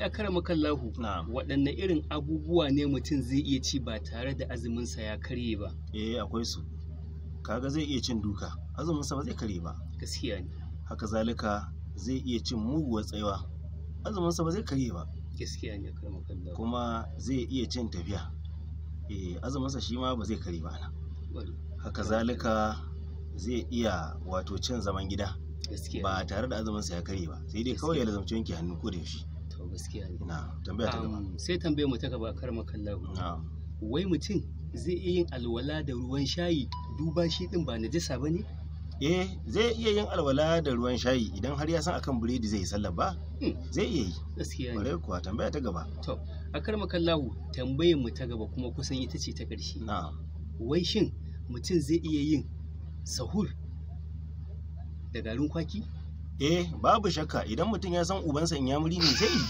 a kare lahu, waɗanne irin abubuwa ne mutum zai iya ci ba tare da azuminsa ya karye ba eh akwai su kaga zai iya cin duka azuminsa ba zai karye ba gaskiya ne haka zalika zai iya cin muguwar tsayuwa azuminsa ba zai karye ba gaskiya ne kare lahu. kuma zai iya cin tafiya eh azuminsa shi ma ba zai karye ba nan. haka zalika zai iya wato cin zaman gida ba tare da azuminsa ya karye ba sai dai kawai ya lazamci wanke hannu ko da yaushe to gaskiya ne tambaya ta gaba sai tambayar mu ta gaba karma kallahu wai mutum zai iya yin alwala da ruwan shayi duba shi din ba najasa ne? eh zai iya yin alwala da ruwan shayi idan har ya san akan biredi zai yi sallah ba hmm. zai iya yi gaskiya ne kuwa tambaya ta gaba to a karma kallahu tambayar mu ta gaba kuma kusan ita ce ta ƙarshe wai shin mutum zai iya yin sahur da garin kwaki eh babu shakka idan mutum ya san ubansa in yamuri ne zai yi